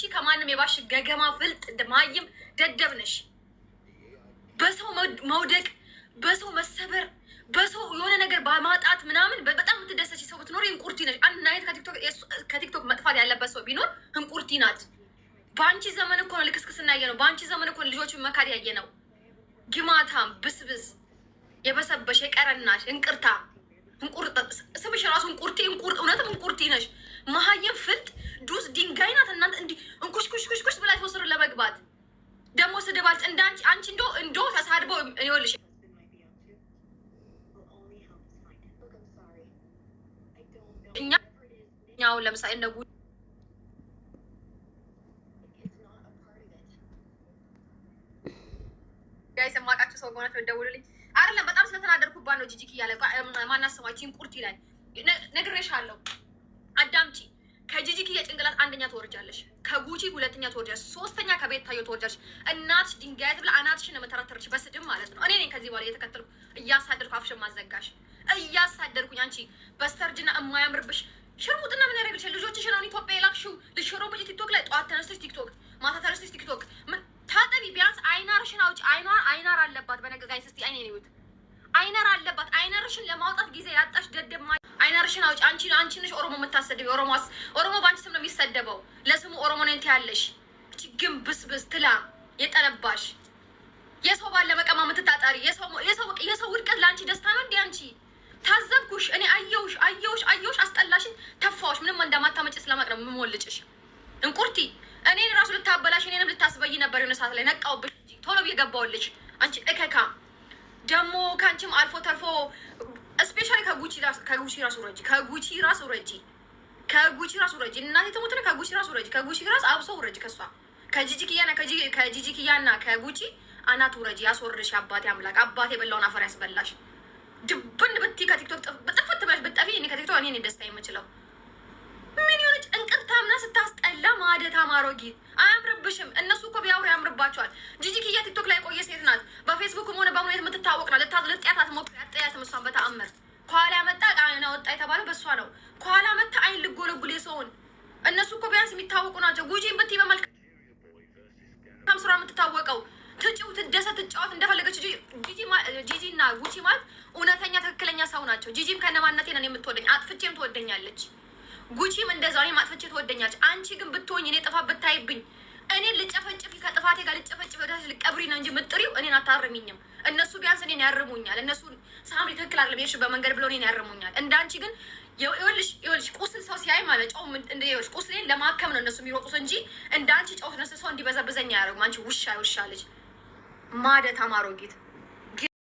አንቺ ከማንም የባሽ ገገማ ፍልጥ እንደማይም ደደብ ነሽ። በሰው መውደቅ፣ በሰው መሰበር፣ በሰው የሆነ ነገር በማጣት ምናምን በጣም የምትደሰች ሰው ብትኖር እንቁርቲ ነሽ። አንድ ናይት ከቲክቶክ መጥፋት ያለበት ሰው ቢኖር እንቁርቲ ናት። በአንቺ ዘመን እኮ ነው ልክስክስና ያየ ነው። በአንቺ ዘመን እኮ ልጆችን መካድ ያየ ነው። ግማታም፣ ብስብስ፣ የበሰበሽ፣ የቀረናሽ፣ እንቅርታ እንቁርጥ ስምሽ ራሱ እንቁርቲ። እውነትም እንቁርቲ ነሽ። መሀየም ፍልጥ ዱስ አንቺ እንዶ እንዶ ተሳድቦ ይኸውልሽ እኛ ያው ለምሳሌ እነ ጋይስ የማውቃቸው ሰው ሆናት ደውልልኝ። አይደለም በጣም ስለተናደርኩባት ነው። ጂጂክ እያለ ማናሰማችን ቁርት ይላል። ነግሬሻለሁ፣ አዳምጪ ሁለተኛ ትወርጃለሽ፣ ከጉቺ ሁለተኛ ትወርጃለሽ፣ ሶስተኛ ከቤት ታየው ትወርጃለሽ። እናት ድንጋይ ብላ አናትሽን የምተረተርሽ በስድብ ማለት ነው። እኔ ነኝ ከዚህ በኋላ እየተከተልኩ እያሳደርኩ አፍሽን ማዘጋሽ እያሳደርኩኝ አንቺ በስተርጅና እማያምርብሽ ሽርሙጥና ምን ያደረግልሽ? ልጆችሽን አሁን ኢትዮጵያ የላክሽው ልሽሮ ብጭ ቲክቶክ ላይ ጠዋት ተነስተሽ ቲክቶክ፣ ማታ ተነስተሽ ቲክቶክ። ታጠቢ ቢያንስ አይናርሽን አውጪ። አይኗ አይናር አለባት በነገጋይ ስስቲ አይኔ ነው አይነር አለባት። አይነርሽን ለማውጣት ጊዜ ያጣሽ ደደብ ማ አይነርሽን አውጭ። አንቺ አንቺ ነሽ ኦሮሞ የምታሰድቢ። ኦሮሞ ኦሮሞ በአንቺ ስም ነው የሚሰደበው። ለስሙ ኦሮሞ ነንት ያለሽ ችግም ብስብስ ትላ የጠነባሽ የሰው ባል ለመቀማ የምትታጠሪ የሰው ውድቀት ለአንቺ ደስታ ነው እንዴ? አንቺ ታዘብኩሽ። እኔ አየውሽ አየውሽ አየውሽ፣ አስጠላሽን፣ ተፋዎች። ምንም እንደማታመጭ ስለማቅ ነው የምሞልጭሽ እንቁርቲ። እኔን ራሱ ልታበላሽ እኔንም ልታስበይ ነበር የሆነ ሰዓት ላይ ነቃውብሽ። እንጂ ቶሎ ብዬ ገባውልሽ አንቺ እከካ ደግሞ ከአንቺም አልፎ ተርፎ ስፔሻሊ ከጉቺ ራስ ውረጂ፣ ከጉቺ ራስ ውረጂ፣ ከጉቺ ራስ ውረጂ። እናቴ ትሙት ከጉቺ ራስ ውረጂ፣ ከጉቺ ራስ አብሶ ውረጂ። ከሷ ከጂጂ ኪያና ከጂጂ ኪያና ከጉቺ አናት ውረጂ። ያስወርድሽ አባቴ አምላክ፣ አባቴ የበላውን አፈር ያስበላሽ። ድብን ብቲ ከቲክቶክ ጥፍት ብለሽ ብጠፊ እኔ ከቲክቶክ እኔ ደስታ የምችለው ምን የሆነች እንቅርታምና ስታስጠላ ማደት አማሮጊት አያምርብሽም። እነሱ እኮ ቢያውሩ ያምርባቸዋል። ጂጂ ኪያ ቲክቶክ ላይ የቆየ ሴት ናት። በተአምር ከኋላ መጣ ቃና ወጣ የተባለው በእሷ ነው። ከኋላ መታ አይን ልጎለጉል የሰውን እነሱ እኮ ቢያንስ የሚታወቁ ናቸው። ጉጂን ብትይ በመልካም ስራ የምትታወቀው ትጭው፣ ትደሰ፣ ትጫወት እንደፈለገች ጂጂ እና ጉቺ ማለት እውነተኛ ትክክለኛ ሰው ናቸው። ጂጂም ከነማነቴ ነን የምትወደኝ አጥፍቼም ትወደኛለች። ጉቺም እንደዛ እኔም አጥፍቼ ትወደኛለች። አንቺ ግን ብትሆኝ እኔ ጥፋት ብታይብኝ እኔን ልጨፈጭፊ ከጥፋቴ ጋር ልጨፈጭፊ ወደ ልቀብሪ ነው እንጂ ምጥሪው እኔን አታርሚኝም። እነሱ ቢያንስ እኔን ያርሙኛል። እነሱ ሳምሪ ትክክል አለ ብሽ በመንገድ ብሎ እኔን ያርሙኛል። እንዳንቺ ግን ይኸውልሽ ይኸውልሽ ቁስል ሰው ሲያይ ማለት ጨው እንደ ይኸውልሽ ቁስሌን ለማከም ነው እነሱ የሚሮጡት እንጂ እንዳንቺ ጨው ነስ ሰው እንዲበዘብዘኝ አያደርጉም። አንቺ ውሻ ውሻ ልጅ ማደት አማሮጌት